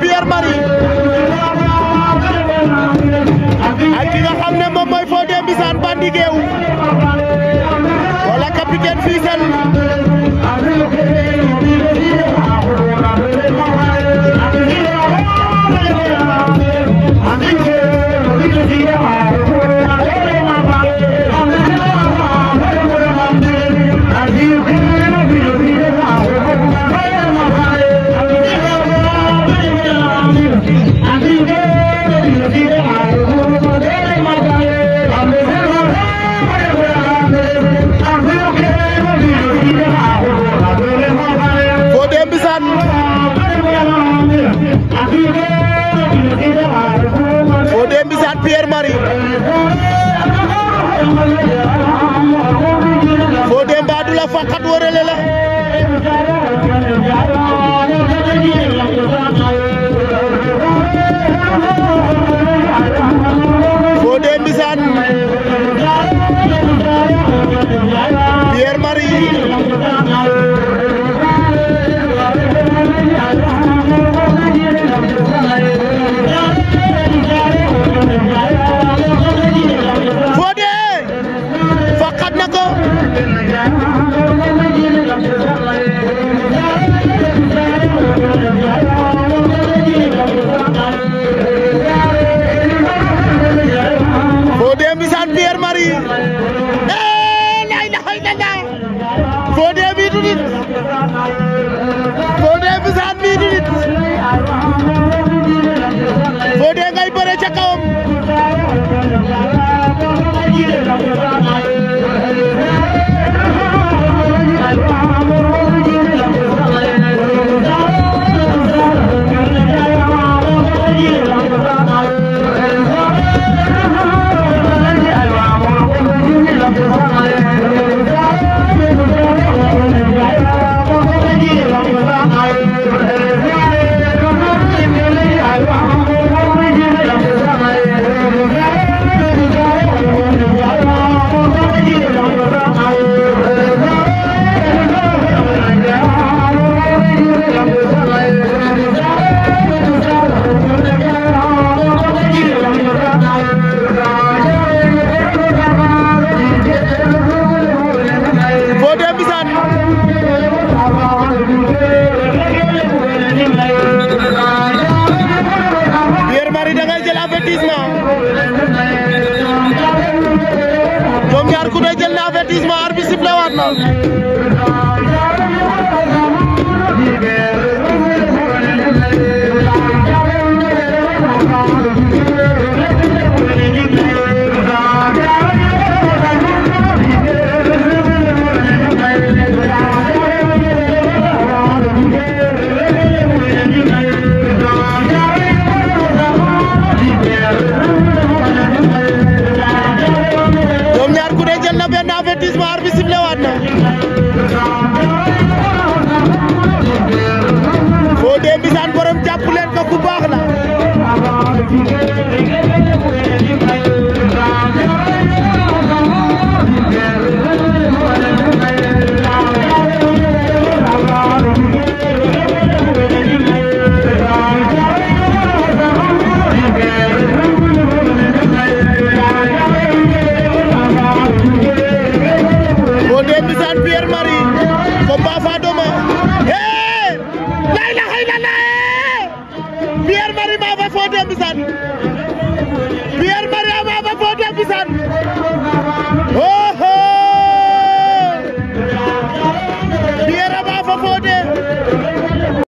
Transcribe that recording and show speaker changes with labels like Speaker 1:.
Speaker 1: Pierre Marie ak ki nga xam ne moom mooy Fodé Mbissane Bandi Géew ñaari Fodé Mbadou la faqat wërale la ट्रेगल पर है चकम Koundé jël na avertissement arbitre sifflé waat na